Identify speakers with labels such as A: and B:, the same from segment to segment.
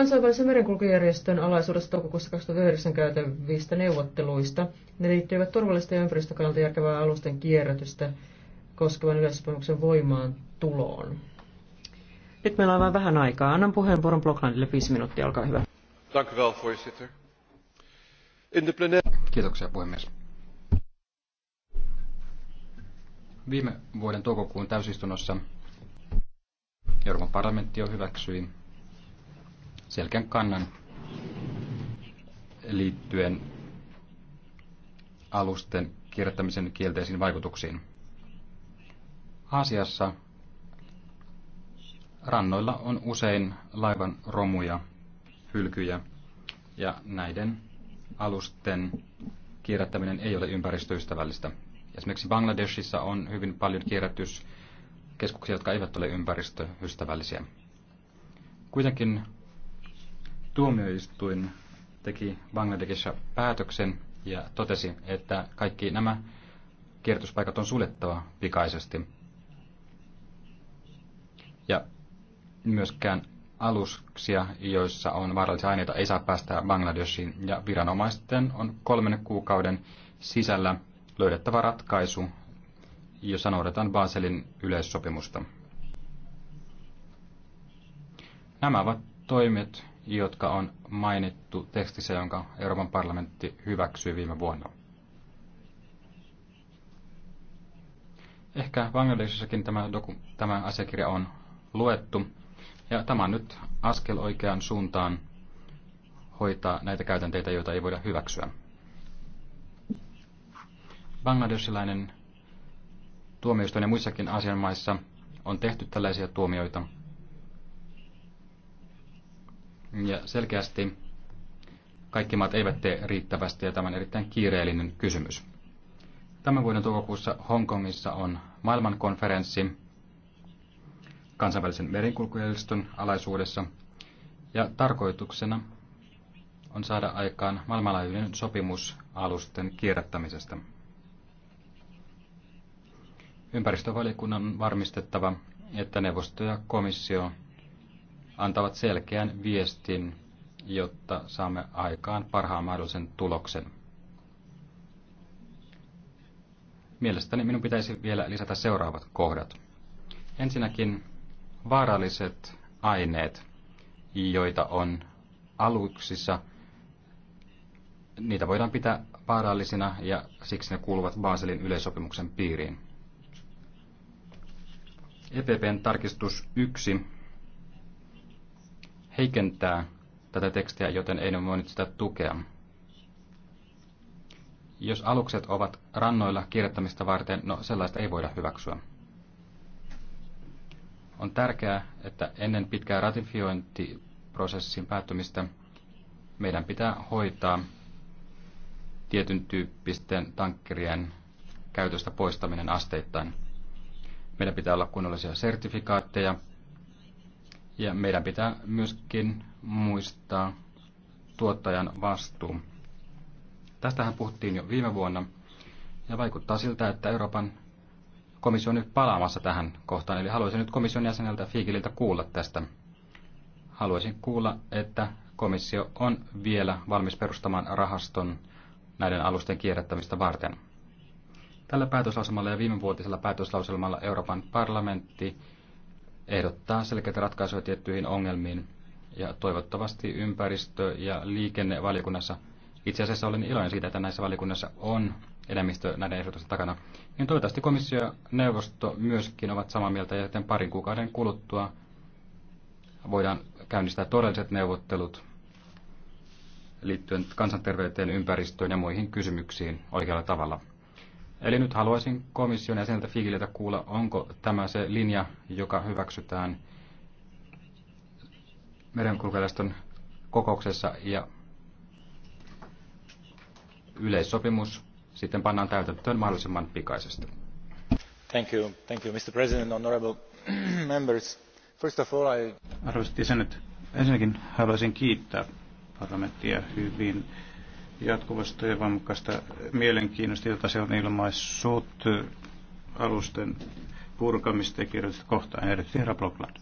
A: Kansainvälisen merenkulkujärjestön alaisuudessa toukokuussa 2009 käytävistä neuvotteluista ne liittyivät turvallista ja ympäristön kannalta järkevää alusten kierrätystä koskevan yleissopimuksen voimaan tuloon. Nyt meillä on vain vähän aikaa. Annan puheenvuoron Bloklandille viisi minuuttia, olkaa hyvä. Kiitoksia puhemies. Viime vuoden toukokuun täysistunnossa Euroopan parlamentti jo hyväksyi Selkän kannan liittyen alusten kierrättämisen kielteisiin vaikutuksiin. Aasiassa rannoilla on usein laivan romuja, hylkyjä ja näiden alusten kierrättäminen ei ole ympäristöystävällistä. Esimerkiksi Bangladeshissa on hyvin paljon kierrätyskeskuksia, jotka eivät ole ympäristöystävällisiä. Kuitenkin Tuomioistuin teki Bangladesissa päätöksen ja totesi, että kaikki nämä kierrätyspaikat on suljettava pikaisesti. Ja myöskään aluksia, joissa on vaarallisia aineita, ei saa päästä Bangladeshiin, ja viranomaisten on kolmen kuukauden sisällä löydettävä ratkaisu, jossa noudatetaan Baselin yleissopimusta. Nämä ovat toimet, jotka on mainittu tekstissä, jonka Euroopan parlamentti hyväksyi viime vuonna. Ehkä Bangladesissakin tämä, doku, tämä asiakirja on luettu, ja tämä on nyt askel oikeaan suuntaan hoitaa näitä käytänteitä, joita ei voida hyväksyä. Bangladesilainen tuomioistuin ja muissakin asianmaissa on tehty tällaisia tuomioita, ja selkeästi kaikki maat eivät tee riittävästi ja tämä on erittäin kiireellinen kysymys. Tämän vuoden toukokuussa Hongkongissa on maailmankonferenssi kansainvälisen merenkulkujärjestön alaisuudessa ja tarkoituksena on saada aikaan maailmanlaajuinen sopimus alusten kierrättämisestä. Ympäristövaliokunnan on varmistettava, että neuvosto ja komissio antavat selkeän viestin, jotta saamme aikaan parhaan mahdollisen tuloksen. Mielestäni minun pitäisi vielä lisätä seuraavat kohdat. Ensinnäkin vaaralliset aineet, joita on aluksissa, niitä voidaan pitää vaarallisina ja siksi ne kuuluvat Baselin yleissopimuksen piiriin. EPPn tarkistus 1 heikentää tätä tekstiä, joten ei ne voinut sitä tukea. Jos alukset ovat rannoilla kirjoittamista varten, no sellaista ei voida hyväksyä. On tärkeää, että ennen pitkää ratifiointiprosessin päättymistä meidän pitää hoitaa tietyn tyyppisten tankkerien käytöstä poistaminen asteittain. Meidän pitää olla kunnollisia sertifikaatteja ja meidän pitää myöskin muistaa tuottajan vastuu. Tästähän puhuttiin jo viime vuonna, ja vaikuttaa siltä, että Euroopan komissio on nyt palaamassa tähän kohtaan. Eli haluaisin nyt komission jäseneltä Fiikililtä kuulla tästä. Haluaisin kuulla, että komissio on vielä valmis perustamaan rahaston näiden alusten kierrättämistä varten. Tällä päätöslauselmalla ja viimevuotisella päätöslauselmalla Euroopan parlamentti ehdottaa selkeitä ratkaisuja tiettyihin ongelmiin. Ja toivottavasti ympäristö- ja liikennevaliokunnassa, itse asiassa olen iloinen siitä, että näissä valiokunnassa on enemmistö näiden ehdotusten takana, niin toivottavasti komissio ja neuvosto myöskin ovat samaa mieltä, ja sitten parin kuukauden kuluttua voidaan käynnistää todelliset neuvottelut liittyen kansanterveyteen, ympäristöön ja muihin kysymyksiin oikealla tavalla. Eli nyt haluaisin komission ja sieltä Figiltä kuulla, onko tämä se linja, joka hyväksytään merenkulkuelästön kokouksessa ja yleissopimus sitten pannaan täytäntöön
B: mahdollisimman pikaisesti. Thank you, thank you, Mr. President, honorable members. First of all, I... Arvoisat jäsenet, ensinnäkin haluaisin kiittää parlamenttia hyvin jatkuvasta ja voimakkaasta mielenkiinnosta, jota se on ilmaissut alusten purkamista ja kirjoitusta kohtaan, erityisesti herra Blokland.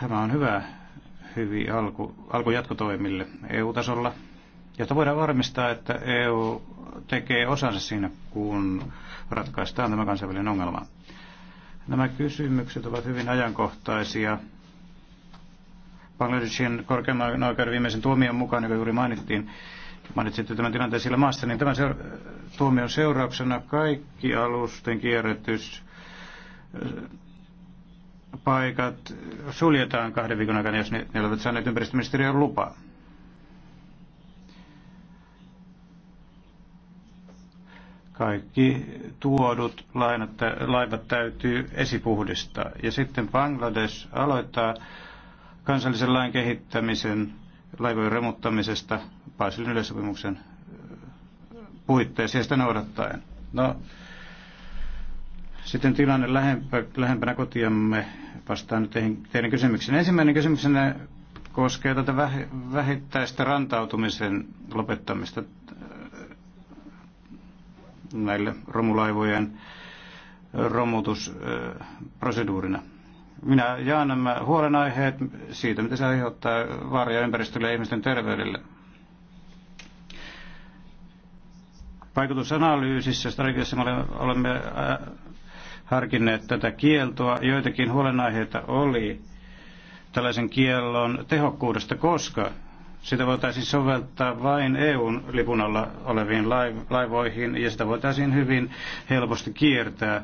B: Tämä on hyvä, hyvin alku, alku jatkotoimille EU-tasolla, jotta voidaan varmistaa, että EU tekee osansa siinä, kun ratkaistaan tämä kansainvälinen ongelma. Nämä kysymykset ovat hyvin ajankohtaisia Bangladeshin korkeimman oikeuden viimeisen tuomion mukaan, joka juuri mainittiin, mainitsitte tämän tilanteen sillä maassa, niin tämän seura- tuomion seurauksena kaikki alusten kierrätys äh, paikat suljetaan kahden viikon aikana, jos ne, ne ovat saaneet ympäristöministeriön lupaa. Kaikki tuodut lainat, laivat täytyy esipuhdistaa. Ja sitten Bangladesh aloittaa kansallisen lain kehittämisen laivojen remuttamisesta Paasilin yleisopimuksen puitteissa ja sitä noudattaen. No, sitten tilanne lähempä, lähempänä kotiamme vastaan nyt teidän, teidän kysymykseen. Ensimmäinen kysymys koskee tätä vähittäistä rantautumisen lopettamista näille romulaivojen romutusproseduurina. Minä jaan nämä huolenaiheet siitä, mitä se aiheuttaa vaaria ympäristölle ja ihmisten terveydelle. Vaikutusanalyysissä strategiassa me olemme äh, harkinneet tätä kieltoa. Joitakin huolenaiheita oli tällaisen kiellon tehokkuudesta, koska sitä voitaisiin soveltaa vain EUn lipun alla oleviin laivoihin ja sitä voitaisiin hyvin helposti kiertää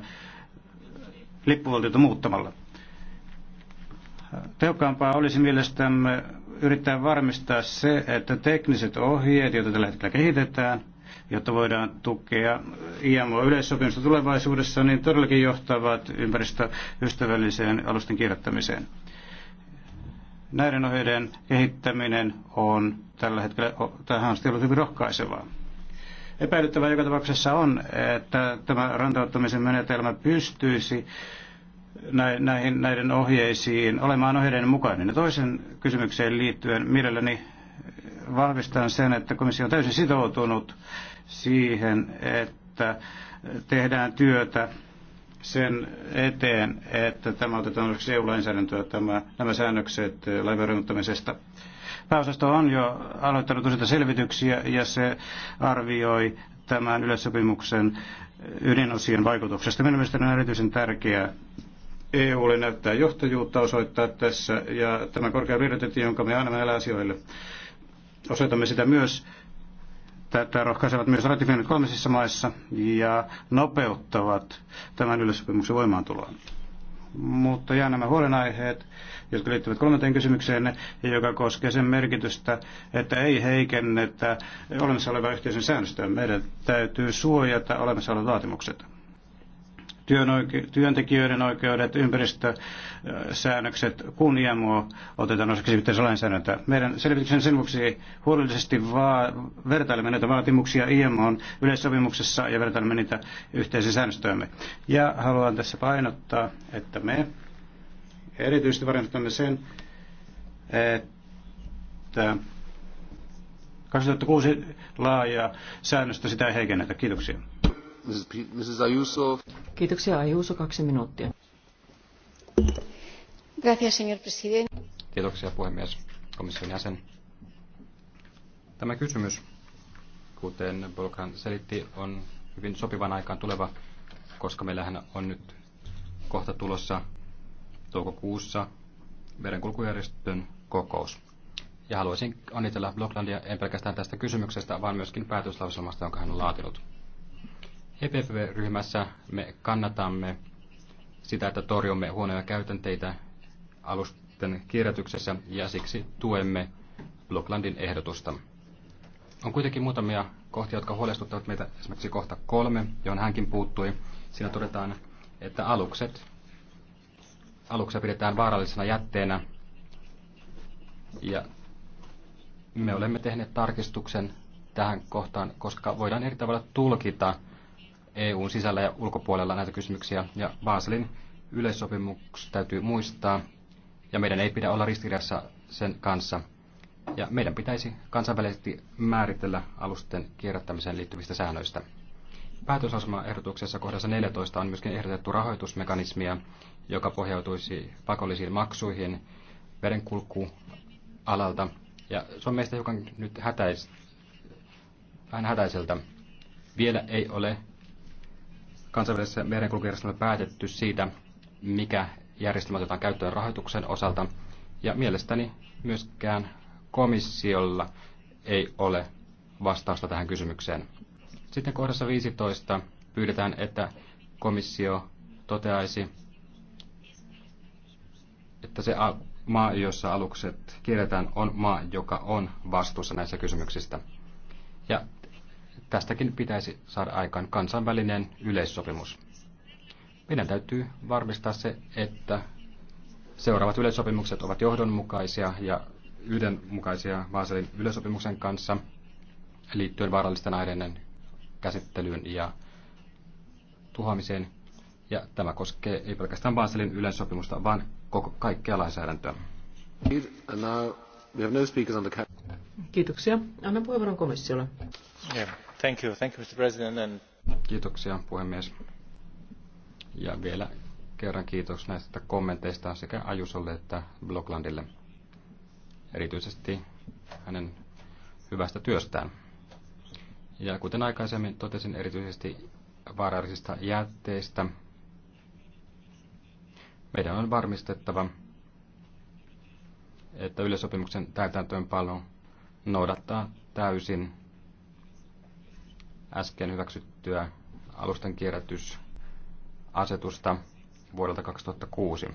B: lippuvaltiota muuttamalla. Tehokkaampaa olisi mielestämme yrittää varmistaa se, että tekniset ohjeet, joita tällä hetkellä kehitetään, jotta voidaan tukea IMO-yleissopimusta tulevaisuudessa, niin todellakin johtavat ympäristöystävälliseen alusten kirjoittamiseen. Näiden ohjeiden kehittäminen on tällä hetkellä tähän asti ollut hyvin rohkaisevaa. Epäilyttävää joka tapauksessa on, että tämä rantauttamisen menetelmä pystyisi näihin, näiden ohjeisiin olemaan ohjeiden mukainen. Ja toisen kysymykseen liittyen mielelläni vahvistan sen, että komissio on täysin sitoutunut siihen, että tehdään työtä sen eteen, että tämä otetaan yksi EU-lainsäädäntöä, tämä, nämä säännökset laivaryhmittämisestä. Pääosasto on jo aloittanut useita selvityksiä ja se arvioi tämän yleissopimuksen ydinosien vaikutuksesta. Minun mielestäni on erityisen tärkeää, EUlle näyttää johtajuutta osoittaa tässä ja tämä korkea prioriteetti, jonka me annamme näille asioille, osoitamme sitä myös. Tätä rohkaisevat myös ratifioinnit kolmessa maissa ja nopeuttavat tämän yleissopimuksen voimaantuloa. Mutta jää nämä huolenaiheet, jotka liittyvät kolmanteen kysymykseen, joka koskee sen merkitystä, että ei heikennetä olemassa olevaa yhteisön säännöstöä. Meidän täytyy suojata olemassa olevat vaatimukset työntekijöiden oikeudet, ympäristösäännökset, kun IMO otetaan osaksi lainsäädäntöä. Meidän selvityksen sen vuoksi huolellisesti vertailemme näitä vaatimuksia IMOn yleissopimuksessa ja vertailemme niitä yhteisiin säännöstöömme. Ja haluan tässä painottaa, että me erityisesti varmistamme sen, että 2006 laajaa säännöstä sitä ei heikennetä. Kiitoksia. Mrs. Ayuso.
A: Kiitoksia Ayuso, kaksi minuuttia. Gracias, señor presidente. Kiitoksia puhemies, komission jäsen. Tämä kysymys, kuten Bolkan selitti, on hyvin sopivan aikaan tuleva, koska meillähän on nyt kohta tulossa toukokuussa merenkulkujärjestön kokous. Ja haluaisin onnitella Bloklandia en pelkästään tästä kysymyksestä, vaan myöskin päätöslauselmasta, jonka hän on laatinut. EPP-ryhmässä me kannatamme sitä, että torjumme huonoja käytänteitä alusten kirjoituksessa ja siksi tuemme Blocklandin ehdotusta. On kuitenkin muutamia kohtia, jotka huolestuttavat meitä, esimerkiksi kohta kolme, johon hänkin puuttui. Siinä todetaan, että alukset, aluksia pidetään vaarallisena jätteenä ja me olemme tehneet tarkistuksen tähän kohtaan, koska voidaan eri tavalla tulkita EUn sisällä ja ulkopuolella näitä kysymyksiä. Ja Baselin yleissopimus täytyy muistaa, ja meidän ei pidä olla ristiriidassa sen kanssa. Ja meidän pitäisi kansainvälisesti määritellä alusten kierrättämiseen liittyvistä säännöistä. Päätösasema-ehdotuksessa kohdassa 14 on myöskin ehdotettu rahoitusmekanismia, joka pohjautuisi pakollisiin maksuihin vedenkulkualalta. Ja se on meistä hiukan nyt hätäis, vähän hätäiseltä. Vielä ei ole kansainvälisessä merenkulkujärjestelmässä päätetty siitä, mikä järjestelmä otetaan käyttöön rahoituksen osalta. Ja mielestäni myöskään komissiolla ei ole vastausta tähän kysymykseen. Sitten kohdassa 15 pyydetään, että komissio toteaisi, että se maa, jossa alukset kierretään, on maa, joka on vastuussa näissä kysymyksistä. Ja Tästäkin pitäisi saada aikaan kansainvälinen yleissopimus. Meidän täytyy varmistaa se, että seuraavat yleissopimukset ovat johdonmukaisia ja yhdenmukaisia Vaaselin yleissopimuksen kanssa liittyen vaarallisten aineiden käsittelyyn ja tuhoamiseen. Ja tämä koskee ei pelkästään Baselin yleissopimusta, vaan koko kaikkea lainsäädäntöä. No Kiitoksia. Anna puheenvuoron komissiolle. Yeah. Thank you, thank you, Mr. President. And... Kiitoksia puhemies. Ja vielä kerran kiitos näistä kommenteista sekä Ajusolle että Bloklandille. Erityisesti hänen hyvästä työstään. Ja kuten aikaisemmin totesin, erityisesti vaarallisista jätteistä meidän on varmistettava, että yleisopimuksen täytäntöönpano noudattaa täysin äsken hyväksyttyä alusten kierrätysasetusta vuodelta 2006.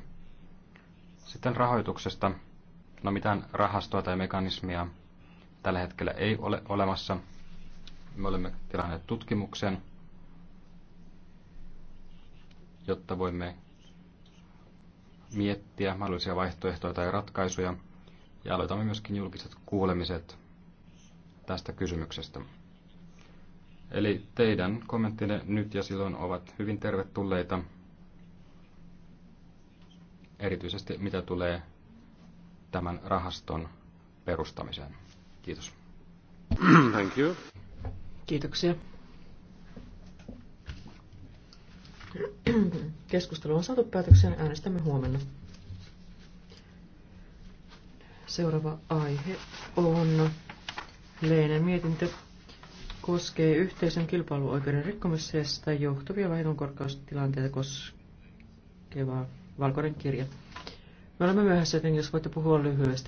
A: Sitten rahoituksesta. No mitään rahastoa tai mekanismia tällä hetkellä ei ole olemassa. Me olemme tilanneet tutkimuksen, jotta voimme miettiä mahdollisia vaihtoehtoja tai ratkaisuja. Ja aloitamme myöskin julkiset kuulemiset tästä kysymyksestä. Eli teidän kommenttinne nyt ja silloin ovat hyvin tervetulleita, erityisesti mitä tulee tämän rahaston perustamiseen. Kiitos. Thank you. Kiitoksia. Keskustelu on saatu päätökseen. Äänestämme huomenna. Seuraava aihe on Leinen mietintö koskee yhteisön kilpailuoikeuden rikkomisesta johtuvia vahingonkorkaustilanteita koskeva valkoinen kirja. Me olemme myöhässä, joten jos voitte puhua lyhyesti.